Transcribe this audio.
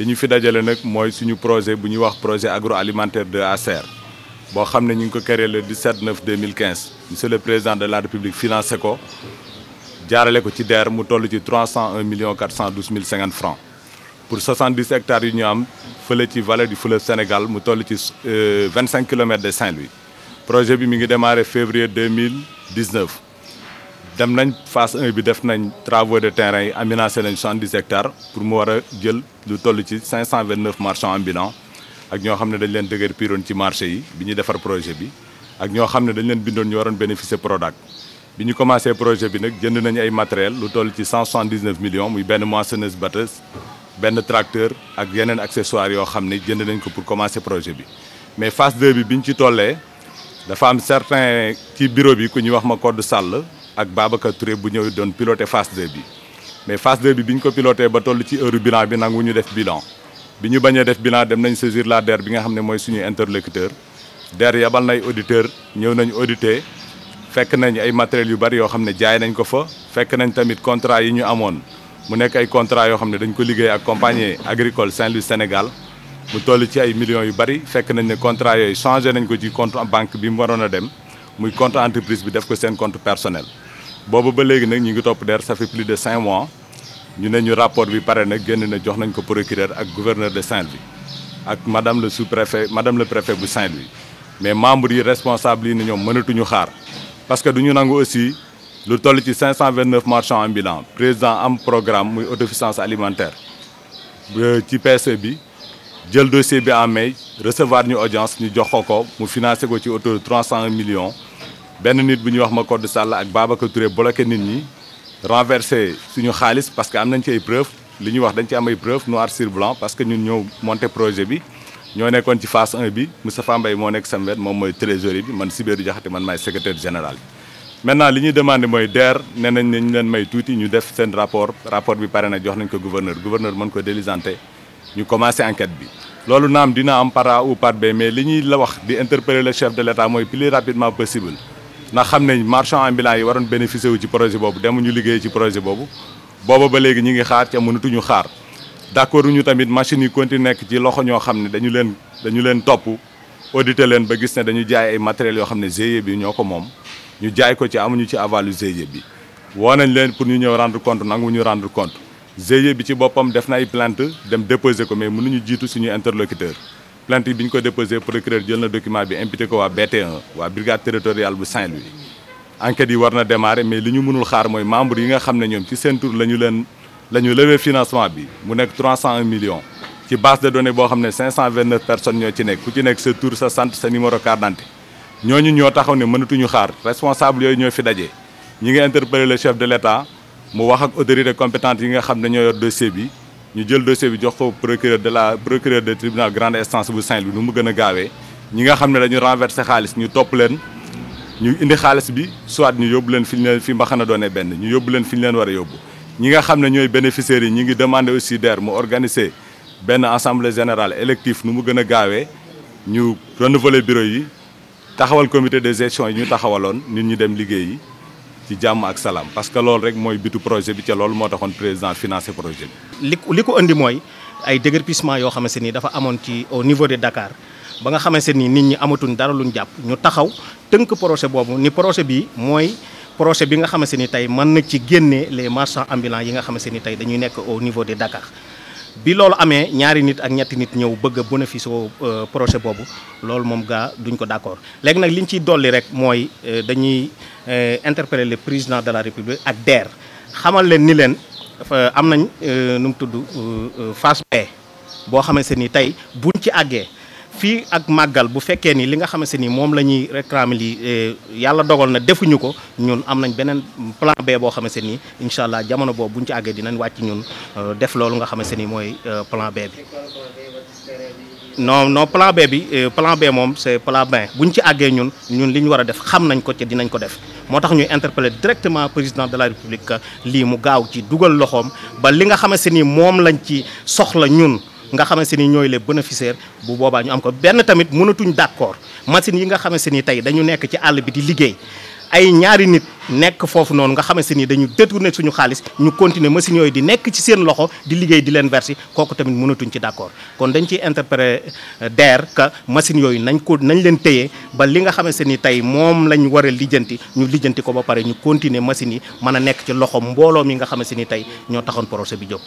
li ñu fi dajalee nag mooy suñu projet bu ñuy wax projet agro alimentaire de ASER boo xam ne ñu ngi ko créé le 17 9 2015 monsieur le président de la république financé ko jaarale ko ci DER mu toll ci 301 millions 412 mille 50 francs pour 70 hectares yu ñu am fële ci vallée du fleuve Sénégal mu toll ci 25 euh, kilomètres de Saint-Louis projet bi mi ngi démarré février 2019 dem nañ phase 1 bi def nañ travaux de terrain yi aménagé nañ 70 hectares pour mu war jël lu toll ci 529 marchands ambulants ak ñoo xam ne dañ leen dëgër piroon ci marché yi bi ñuy defar projet bi ak ñoo xam ne dañ leen bindoon ñu waroon bénéficier Prodac bi ñu commencé projet bi nag jënd nañu ay matériel lu toll ci 179 millions muy benn moissonneuse batteuse benn tracteur ak yeneen accessoires yoo xam ne jënd nañ ko pour commencer projet bi mais phase 2 bi bi ñu ci tollee dafa am certain ci bureau bi ku ñuy wax ma code sàll ak Babacar Touré bu ñëw doon piloté phase 2 bi mais phase 2 bi bi ñu ko piloté ba toll ci heure bilan bi nangu ñu def bilan bi ñu bañee def bilan dem nañ saisir la DER bi nga xam ne mooy suñu interlocuteur DER yabal nay auditeur ñëw nañu audité fekk nañ ay matériels yu bari yoo xam ne jaay nañ ko fa fekk nañ tamit contrat yi ñu amoon mu nekk ay contrat yoo xam ne dañ ko liggéey ak compagnie agricole Saint-Louis Sénégal mu toll ci ay millions yu bari fekk nañ ne contrat yooyu changé nañ ko ci compte banque bi mu waroon a dem muy compte entreprise bi def ko seen compte personnel boobu ba léegi nag ñu ngi topp DER sa fait plus de cinq mois ñu ne ñu rapport bi pare nag génn na jox nañ ko procureur ak gouverneur de Saint-Louis ak madame le sous-préfet madame le préfet bu Saint-Louis mais membres yi responsable yi ne mënatuñu xaar parce que du ñu nangu aussi lu toll ci 529 marchands ambulants président am programme muy autosuffisance alimentaire ci PSE bi jël dossier bi en mai recevoir ñu audience ñu jox ko ko mu financé ko ci autour de 301 millions benn nit bu ñuy wax Macodou Sall ak Babacar Touré bloqué nit ñi renversé suñu xaalis parce que am nañ ci ay preuve li ñuy wax dañ ci am ay preuve noir sur blanc parce que ñun ñoo monté projet bi ñoo nekkoon ci phase 1 bi Moustapha Mbaye moo nekk sama moom mooy trésorier bi man Sibédou Diakhaté man maay secrétaire général bi maintenant li ñuy demande mooy DER nee nañ leen may tuuti ñu def seen rapport rapport bi pare na jox nañ ko gouverneur gouverneur mën ñu commencé enquête loolu naam dina am par A li ñuy la wax di interpeller le chef de l' état ndax xam nañ marchand ambulant yi waroon bénéficier wu ci projet boobu demuñu liggéey ci projet boobu booba ba léegi ñi ngi xaar ca mënatuñu xaar d'accord ñu tamit machines yi continué nekk ci loxo ñoo xam ne dañu leen dañu leen topp auditer leen ba gis ne dañu jaay ay matériels yoo xam ne GIE bi ñoo ko moom ñu jaay ko ci amuñu ci avalu GIE bi woo nañ leen pour ñu ñëw rendre compte nangu ñu rendre compte GIE bi ci boppam def na ay plainte dem déposer ko mais mënuñu jiitu suñu interlocuteur plainte bi ñu ko déposé procureur jël na document bi imputé ko waa bt waa brigade territoriale bu Saint-Louis enquête yi war na démarrer mais li ñu mënul xaar mooy membre yi nga xam ne ñoom ci seen tour la ñu leen la ñu financement bi mu nekk 301 millions ci base de données boo xam ne 529 personnes ñoo ci nekk ku ci nekk sa tour sa sant sa numéro carte d'identité ñooñu ñoo taxaw ne mënatuñu xaar responsable yooyu ñoo fi daje ñi ngi interpellé chef de l'État yi nga xam ne ñoo yor dossier ñu jël dossier bi jox ko procureur de la procureur de tribunal grande instance bu Saint-Louis nu mu gën a gaawee ñi nga xam ne dañu renversé xaalis ñu topp leen ñu indi xaalis bi soit ñu yóbbu leen fi ñu leen fi mbaxana doone benn ñu yóbbu leen fi ñu leen war a yóbbu ñi nga xam ne ñooy bénéficiaires yi ñu ngi demandé aussi DER mu organiser benn assemblée générale élective nu mu gën a gaawee ñu renouveler bureau yi taxawal comité de gestion yi ñu taxawaloon nit ñu dem liggéey yi ci jàmm ak salaam parce que loolu rek mooy bitu projet bi ca lool moo taxoon président financé projet bi. li ko li ko indi mooy ay déguerpissement yoo xamante ni dafa amoon ci au niveau de Dakar ba nga xamante ni nit ñi amatuñ dara luñ jàpp ñu taxaw tënk projet boobu ni projet bi mooy. projet bi nga xamante ni tey mën na ci génne les marchands ambulants yi nga xamante ni tey dañuy nekk au niveau de Dakar bi loolu amee ñaari nit ak ñetti nit ñëw bëgg a bénéfice euh, projet boobu loolu moom gaa duñ ko d'accord léegi nag li ñu ciy dolli rek mooy euh, dañuy euh, interpeller le président de la république ak DER xamal leen ni leen am nañ nu mu tudd phase B boo xamante ni tey buñ ci àggee. fii ak màggal bu fekkee ni li nga xamante ni moom la ñuy réclamer li eh, yàlla dogal na defuñu ko ñun am nañ beneen plan B boo xamante ni incha allah jamono boobu buñ ci àggee dinañ wàcc ñun eh, def loolu nga xamante ni mooy eh, plan B bi. non non plan B bi plan B moom c' est plan B bu ñu ci àggee ñun ñun li ñu war a def xam nañ ko ci dinañ ko def moo tax ñuy interpeller directement président de la république lii mu gaaw ci dugal loxoom ba li nga xamante ni moom lañ ci soxla ñun. nga xamante ni ñooy les bénéficiaires bu boobaa ñu am ko benn tamit mënatuñ d'accord machines yi nga xamante ni tey dañu nekk ci àll bi di liggéey ay ñaari nit nekk foofu noonu nga xamante ni dañu détourné suñu xaalis ñu continuer machines yooyu di nekk ci seen loxo di liggéey di leen verser kooku tamit mënatuñ ci d'accord kon dañ ciy interpréter euh, que machines yooyu nañ ko nañ leen téye ba li nga xamante ni tey moom lañ war a lijjanti ñu lijjanti ko ba pare ñu continuer machines yi mën a nekk ci loxo mbooloo mi nga xamante ni tey ñoo taxoon projet bi jóg.